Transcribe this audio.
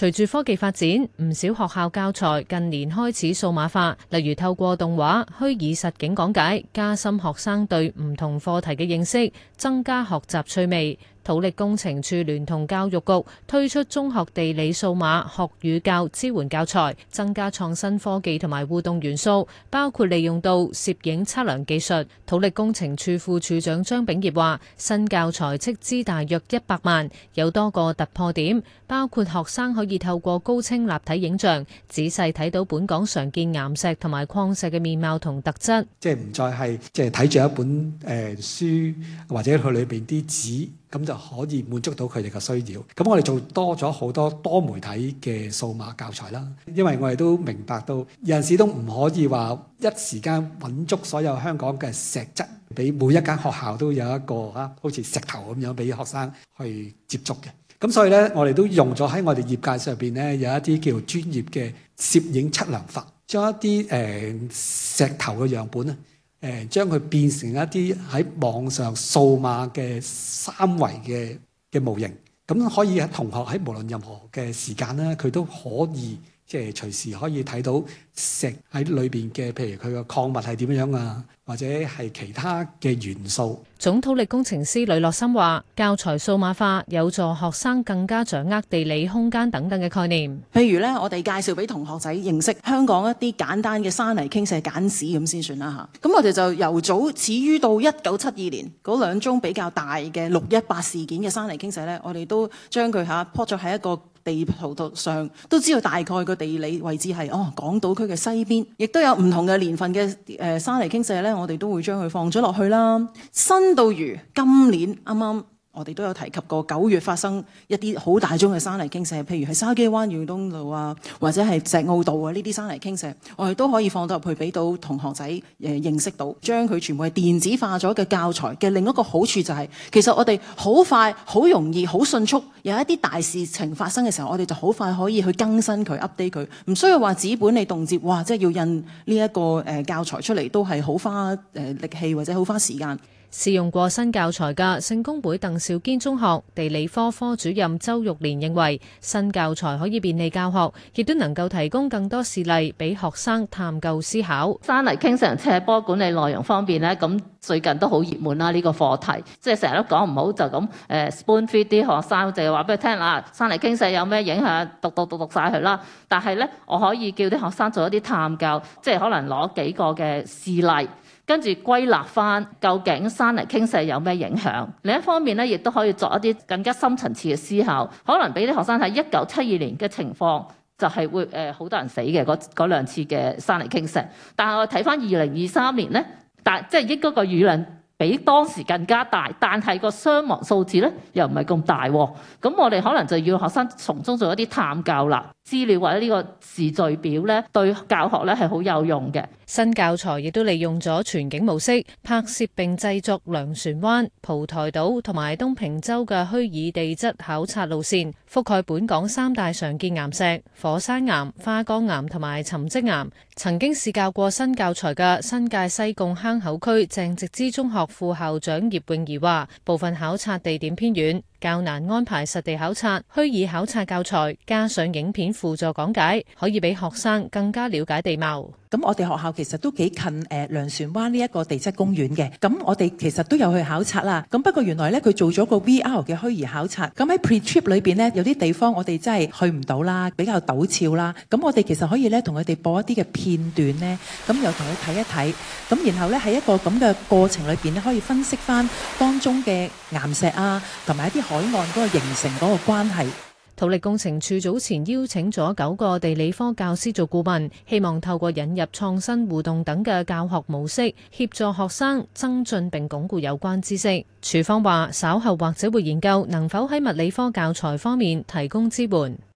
隨住科技發展，唔少學校教材近年開始數碼化，例如透過動畫、虛擬實境講解，加深學生對唔同課題嘅認識，增加學習趣味。土力工程處聯同教育局推出中學地理數碼學與教支援教材，增加創新科技同埋互動元素，包括利用到攝影測量技術。土力工程處副處長張炳業話，新教材斥資大約一百萬，有多個突破點，包括學生可以透過高清立體影像仔細睇到本港常見岩石同埋礦石嘅面貌同特質，即係唔再係即係睇住一本誒、呃、書或者去裏邊啲紙。咁就可以滿足到佢哋嘅需要。咁我哋做多咗好多多媒體嘅數碼教材啦。因為我哋都明白到，有陣時都唔可以話一時間揾足所有香港嘅石質，俾每一間學校都有一個啊，好似石頭咁樣俾學生去接觸嘅。咁所以咧，我哋都用咗喺我哋業界上邊咧，有一啲叫專業嘅攝影測量法，將一啲誒、呃、石頭嘅樣本咧。誒將佢變成一啲喺網上數碼嘅三維嘅嘅模型，咁可以喺同學喺無論任何嘅時間啦，佢都可以。即係隨時可以睇到石喺裏邊嘅，譬如佢嘅礦物係點樣啊，或者係其他嘅元素。總土力工程師李樂森話：教材數碼化有助學生更加掌握地理空間等等嘅概念。譬如咧，我哋介紹俾同學仔認識香港一啲簡單嘅山泥傾瀉簡史咁先算啦吓，咁我哋就由早始於到一九七二年嗰兩宗比較大嘅六一八事件嘅山泥傾瀉咧，我哋都將佢嚇 po 咗喺一個。地圖上都知道大概個地理位置係，哦，港島區嘅西邊，亦都有唔同嘅年份嘅誒、呃、山泥傾瀉咧，我哋都會將佢放咗落去啦。新到如今年啱啱。我哋都有提及過，九月發生一啲好大宗嘅山泥傾瀉，譬如喺筲箕灣耀東路啊，或者係石澳道啊，呢啲山泥傾瀉，我哋都可以放到入去，俾到同學仔誒、呃、認識到，將佢全部係電子化咗嘅教材嘅。另一個好處就係、是，其實我哋好快、好容易、好迅速，有一啲大事情發生嘅時候，我哋就好快可以去更新佢、update 佢，唔需要話紙本你動輒哇，即係要印呢一個誒教材出嚟，都係好花誒力氣或者好花時間。試用過新教材嘅聖公會鄧肇堅中學地理科科主任周玉蓮認為，新教材可以便利教學，亦都能夠提供更多事例俾學生探究思考。山泥傾瀉斜坡管理內容方面咧，咁。最近都好熱門啦，呢個課題，即係成日都講唔好就咁誒，spoon feed 啲學生，就係話俾佢聽啦。山泥傾瀉有咩影響，讀讀讀讀晒佢啦。但係咧，我可以叫啲學生做一啲探究，即係可能攞幾個嘅事例，跟住歸納翻究竟山泥傾瀉有咩影響。另一方面咧，亦都可以作一啲更加深層次嘅思考。可能俾啲學生睇一九七二年嘅情況，就係會誒好多人死嘅嗰兩次嘅山泥傾瀉。但係我睇翻二零二三年咧。即係億嗰個雨量比當時更加大，但係個傷亡數字咧又唔係咁大，咁我哋可能就要學生從中做一啲探究啦。資料或者呢個時序表呢，對教學呢係好有用嘅。新教材亦都利用咗全景模式拍攝並製作梁船灣、蒲台島同埋東平洲嘅虛擬地質考察路線，覆蓋本港三大常見岩石：火山岩、花崗岩同埋沉積岩。曾經試教過新教材嘅新界西貢坑口區鄭植之中學副校長葉穎儀話：部分考察地點偏遠。較難安排實地考察，虛擬考察教材加上影片輔助講解，可以俾學生更加了解地貌。咁我哋學校其實都幾近誒糧船灣呢一個地質公園嘅，咁我哋其實都有去考察啦。咁不過原來呢，佢做咗個 V R 嘅虛擬考察，咁喺 pre-trip 裏邊呢，有啲地方我哋真係去唔到啦，比較陡峭啦。咁我哋其實可以呢，同佢哋播一啲嘅片段呢，咁又同佢睇一睇，咁然後呢，喺一個咁嘅過程裏邊呢，可以分析翻當中嘅岩石啊，同埋一啲。海岸嗰個形成嗰個關係，土力工程處早前邀請咗九個地理科教師做顧問，希望透過引入創新互動等嘅教學模式，協助學生增進並鞏固有關知識。處方話稍後或者會研究能否喺物理科教材方面提供支援。